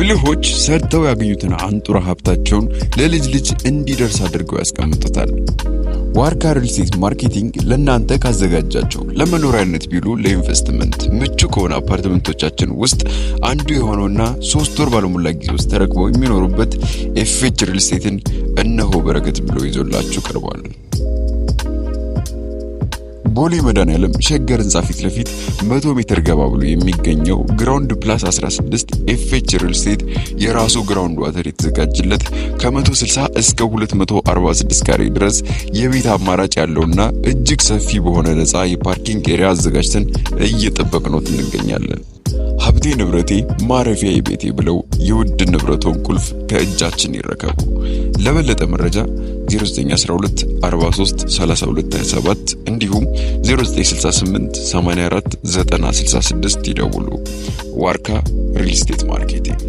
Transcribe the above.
ብልሆች ሰርተው ያገኙትን አንጡራ ሀብታቸውን ለልጅ ልጅ እንዲደርስ አድርገው ያስቀምጡታል። ዋርካ ሪል ማርኬቲንግ ለእናንተ ካዘጋጃቸው ለመኖሪያነት ቢሉ ለኢንቨስትመንት ምቹ ከሆነ አፓርትመንቶቻችን ውስጥ አንዱ የሆነውና ሶስት ወር ባለሙላ ጊዜ ውስጥ ተረክበው የሚኖሩበት ኤፍኤች ሪልስቴትን እነሆ በረከት ብሎ ይዞላችሁ ቀርቧል። ቦሌ መድኃኔዓለም ሸገር ህንፃ ፊት ለፊት 100 ሜትር ገባ ብሎ የሚገኘው ግራውንድ ፕላስ 16 ኤፍኤች ሪል ስቴት የራሱ ግራውንድ ዋተር የተዘጋጀለት ከ160 እስከ 246 ካሬ ድረስ የቤት አማራጭ ያለውና እጅግ ሰፊ በሆነ ነፃ የፓርኪንግ ኤሪያ አዘጋጅተን እየጠበቅነው እንገኛለን። ሀብቴ ንብረቴ ማረፊያ ቤቴ ብለው የውድ ንብረቶን ቁልፍ ከእጃችን ይረከቡ። ለበለጠ መረጃ 0912 43 32 27 እንዲሁም 0968 84 ይደውሉ። ዋርካ ሪል ስቴት ማርኬቲንግ